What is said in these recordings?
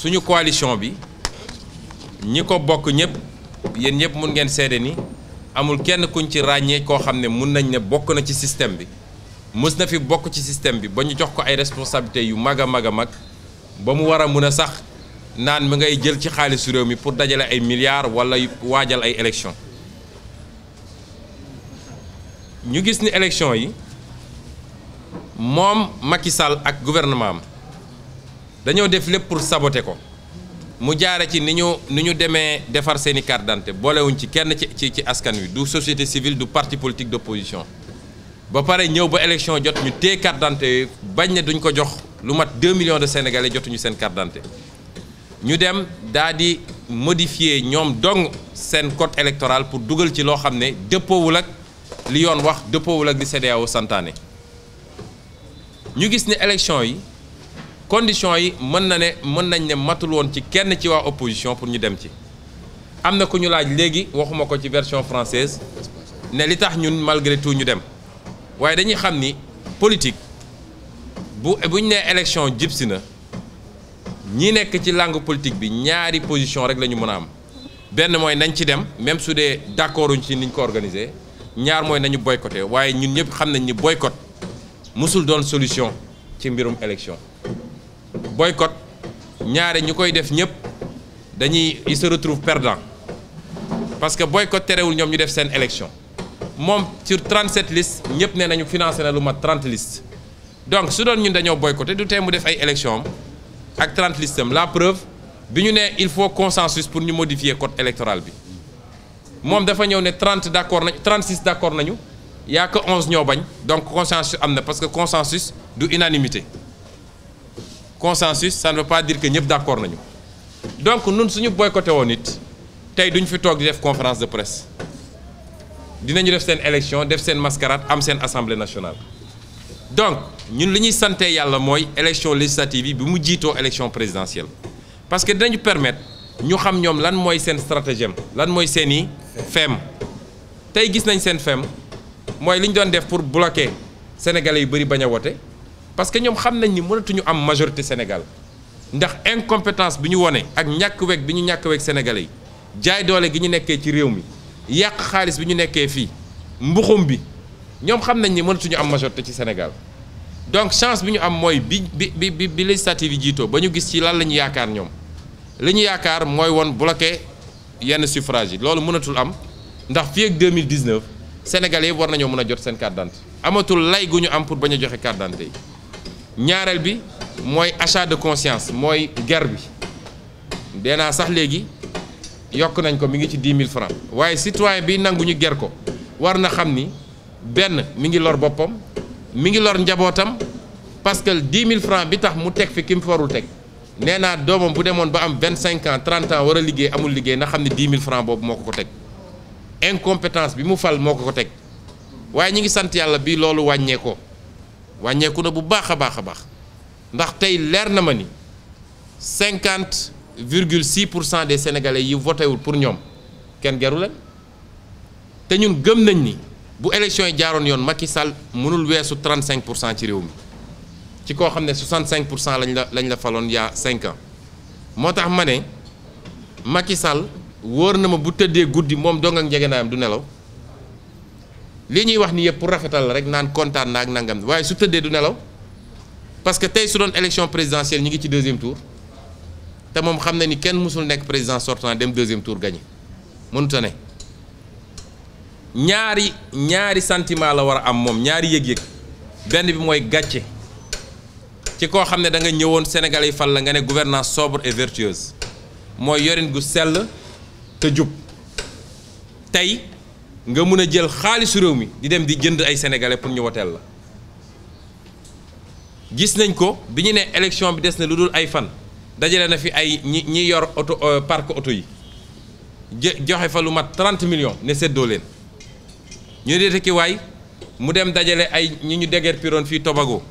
suñu coalition bi ñi ko bokk ñëpp yéen ñëpp mun ngeen seede ni amul kenn kuñ ci ràññee koo xam ne mun nañ ne bokk na ci système bi mës na fi bokk ci système bi ba ñu jox ko ay responsabilités yu mag a mag a mag ba mu war a mun a sax naan mi ngay jël ci xaalisu réew mi pour dajale ay milliards wala waajal ay élections ñu gis ni élections yi moom Macky Sall ak gouvernement am dañoo def lépp pour saboter ko mu jaare ci ni ñu ni ñu demee defar seen i carte d'identité boolewuñ ci kenn ci ci askan wi du société civile du parti politique d'opposition ba pare ñëw ba élection jot ñu téye carte d'identité bañ ne duñ ko jox lu mat 2 million de sénégalais jotuñu seen carte ñu dem daa di modifier ñoom dong seen code électoral pour dugal ci loo xam ne dëppoowul ak li yoon wax dëppoowul ak li CEDEAO santaane ñu gis ne élection yi. conditions yi mën na ne mën nañ ne matul woon ci kenn ci wax opposition pour ñu dem ci am na ku ñu laaj léegi waxuma ko ci version française ne li tax ñun malgré tout ñu dem waaye dañuy xam ni politique bu bu ñu nee élection jib si na ñi nekk ci langue politique bi ñaari position rek lañu mën a am benn mooy nañ ci dem même su dee d'accorduñ ci niñ ko organisé ñaar mooy nañu boycotté waaye ñun ñëpp xam nañ ni boycott musul doon solution ci mbirum élection boycott ñaare ñu koy def ñëpp dañuy ils se retrouvent perdant parce que boycott terewul ñoom ñu def seen élection moom sur 37 listes ñëpp ne nañu financé na lu mat 30 listes donc su doon ñun dañoo boycotté du tee mu def ay élection am ak 30 listes la preuve bi ñu nee il faut consensus pour ñu modifier cote électoral bi moom dafa ñëw ne 30 d' accord nañu 36 d' accord nañu y' a que 11 ñoo bañ donc consensus am na parce que consensus du unanimité consensus ça ne veut pas dire que ñëpp d'accord nañu donc nun suñu boycotté woon it tey duñu fi toog di def conférence de presse dinañu def seen élection def seen mascarade am seen assemblée nationale donc ñun li ñuy sante yàlla mooy élection législative yi bi mu jiitoo élection présidentielle parce que dinañu permettre ñu xam ñoom lan mooy seen stratagème lan mooy seeni i tey gis nañ seen feem mooy li ñu doon def pour bloquer sénégale yu bëri bañ a wote parce que ñoom xam nañ ni mënatuñu am majorité Sénégal ndax incompétence bi ñu wone ak ñàkk weeg bi ñu ñàkk weeg sénégalais yi jaay doole gi ñu nekkee ci réew mi yàq xaalis bi ñu nekkee fii mbuxum bi ñoom xam nañ ni mënatuñu am majorité ci Sénégal donc chance bi ñu am mooy bi bi bi bi législative yi jiitoo ba ñu gis ci lan la ñu yaakaar ñoom li ñu yaakaar mooy woon bloqué yenn suffrage yi loolu mënatul am ndax fii ak 2019 Sénégalais yëpp war nañoo mën a jot seen carte amatul lay ñu am pour bañ a joxe carte d'identité ñaareel bi mooy achat de conscience mooy guerre bi dee naa sax léegi yokk nañ ko mu ngi ci 10 000 francs waaye citoyen bi nangu ñu ger ko war na xam ni benn mi ngi lor boppam mi ngi lor njabootam parce que 10 000 francs bi tax mu teg fi ki mu farul teg nee naa doomam bu demoon ba am vingt cinquant 30 ans war a liggéey amul liggéey na xam ni 10 000 francs boobu moo ko ko teg incompétence bi mu fal moo ko ko teg waaye ñu ngi sant yàlla bi loolu wàññee wàññeeku na bu baax a baax a baax ndax tey leer na ma ni cinquante virgule six pour cent des sénégalais yi voté pour ñoom kenn geru leen te ñun gëm nañ ni bu élection yi jaaroon yoon Macky Sall mënul weesu trente cinq pour cent ci réew mi ci koo xam ne soixante cinq pour cent lañ la lañ la faloon yaa cinq moo tax ma ne Macky Sall wóor na ma bu tëddee guddi moom dong ak njëgënaayam du nelaw. li ñuy wax ni yëpp pour rafetal la rek naan kontaan na ak nangam waaye su tëddee du nelaw parce que tey su doon élection présidentielle ñu ngi ci deuxième tour te moom xam na ni kenn mësul nekk président sortant dem deuxième tour gagné mënut ne ñaari ñaari santiment la war a am moom ñaari yëg-yëg benn bi mooy gàcce ci koo xam ne da nga ñëwoon Sénégal yi fal la nga ne gouvernance sobre et vertueuse mooy yorin gu sell te jub tey nga mun a jël xaalisu réew mi di dem di jënd ay sénégalais pour ñu woteel la gis nañ ko bi ñu ne élection bi des na lu dul ay fan dajale na fi ay ñi ñi yor oto euh, parc oto yi joxe fa lu mat 30 million ne seddoo leen ñu dee ki waay mu dem dajale ay ñi ñu deger piroon fii Tobago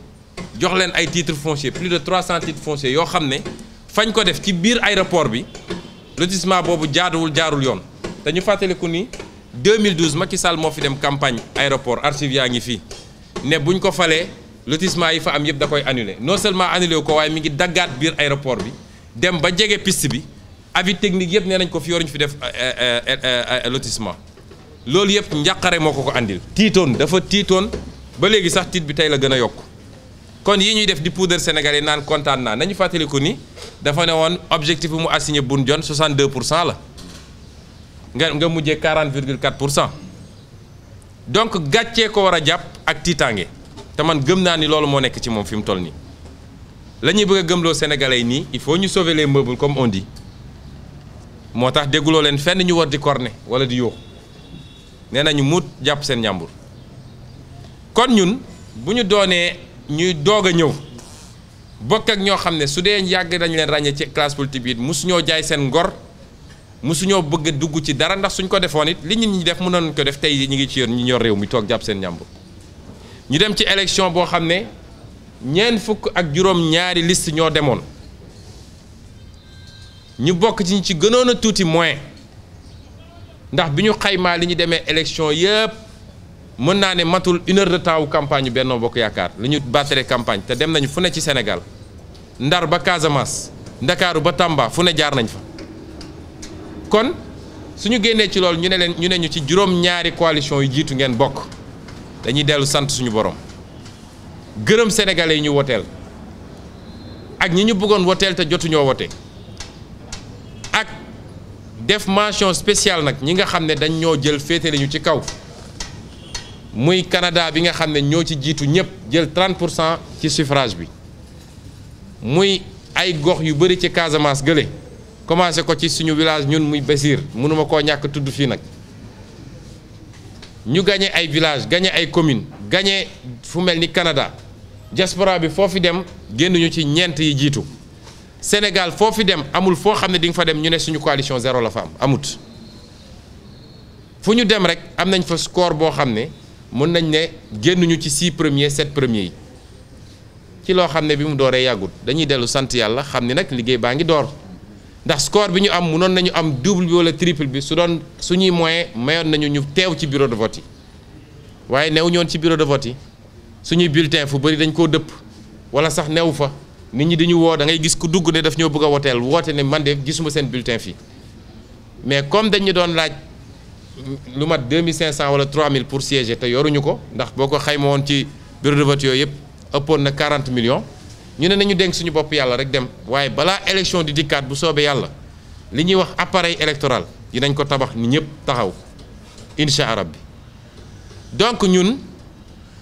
jox leen ay titres fonciers plus de trois 300 titres fonciers yoo xam ne fañ ko def ci biir aéroport bi lotissement boobu jaaduwul jaarul yoon te ñu fàttaliku ni. ma ci Sall moo fi dem campagne aéroport archive yaa ngi fii ne buñ ko falee lotissement yi fa am yëpp da koy annule non seulement annulé wu ko waaye mi ngi daggaat biir aéroport bi dem ba jege pist bi avis technique yëpp nee nañ ko fi yoruñ fi def euh, euh, euh, lotissement loolu yëpp njàqare moo ko ko andil. tiitoon dafa tiitoon ba léegi sax tiit bi tey la gën a yokk kon yi ñuy def di poudre sénégalais naan kontaan naa nañu fàttaliku ni dafa ne woon objectif bu mu assigné Boun Dionne 62 pour cent la. nga nga mujjee 40 virgule 4 pour cent donc gàccee ko war a jàpp ak tiitaange te man gëm naa ni loolu moo nekk ci moom fi mu toll nii la ñuy bëgg a gëmloo sénégalais yi nii il faut ñu sauver les meubles comme on dit moo tax dégguloo leen fenn ñu war di corne wala di yóoxu nee nañu muut jàpp seen njàmbur kon ñun bu ñu doonee ñuy doog a ñëw bokk ak ñoo xam ne su dee yàgg dañu leen ràññee ci classe politique yi musu ñoo jaay seen ngor mosuñoo bëgg a dugg ci dara ndax suñ ko defoon it li nit ñi def mënoon ko def tey ñu ngi ci yoon ñu ñor réew mi toog jàpp seen ñàmbur ñu dem ci élection boo xam ne ñeent fukk ak juróom ñaari liste ñoo demoon ñu bokk ci ñi ci gënoon a tuuti moins ndax bi ñu xaymaa li ñu demee élection yëpp mën naa ne matul une de temps wu campagne yu Benno Bokk Yaakaar li ñu battre campagne te dem nañu fu ne ci senegal Ndar ba Casamance Ndakaaru ba Tamba fu ne jaar nañ kon suñu génnee ci loolu ñu ne leen ñu ne ñu ci juróom-ñaari coalition yu jiitu ngeen bokk dañuy dellu sant suñu borom gërëm sénégalais yi ñu woteel ak ñi ñu bëggoon woteel te jotuñoo wote ak def mention spéciale nag ñi nga xam ne dañ ñoo jël féetale ñu ci kaw muy Canada bi nga xam ne ñoo ci jiitu ñëpp jël 30 pour cent ci suffrage bi muy ay gox yu bëri ci Casamance gële. commencé ko ci suñu village ñun muy Bessir mënuma koo ñàkk tudd fii nag ñu gagné ay village gañe ay commune gañe fu mel ni Canada diaspora bi foo fi dem génnuñu ci ñeent yi jiitu Sénégal foo dem amul foo xam ne di fa dem ñu ne suñu coalition zéro la fa am amut fu ñu dem rek am nañ fa score boo xam ne mën nañ ne génnuñu ci six premiers sept premiers yi ci loo xam ne bi mu dooree yàggut dañuy dellu sant yàlla xam ni nag liggéey baa ngi door ndax score bi ñu am munoon nañu am double bi wala triple bi su doon suñuy moyen mayoon nañu ñu teew ci bureau de vote yi waaye neew ñoon ci bureau de vote yi suñuy bulletin fu bëri dañ koo dëpp wala sax new fa nit ñi dañu woo da ngay gis ku dugg ne daf ñoo bëgg a woteel woote ne man de gisuma seen bulletin fii mais comme dañu doon laaj lu mat 2500 wala mille pour siéger te yoruñu ko ndax boo ko xayma woon ci bureau de vote yooyu yëpp ëppoon na 40 millions ñu ne nañu dénk suñu bopp yàlla rek dem waaye balaa élection di dikkaat bu soobee yàlla li ñuy wax appareil électoral dinañ ko tabax ni ñëpp taxaw incha bi donc ñun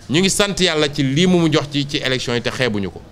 ñu ngi sant yàlla ci lii mu mu jox ci ci élection yi te xeebuñu ko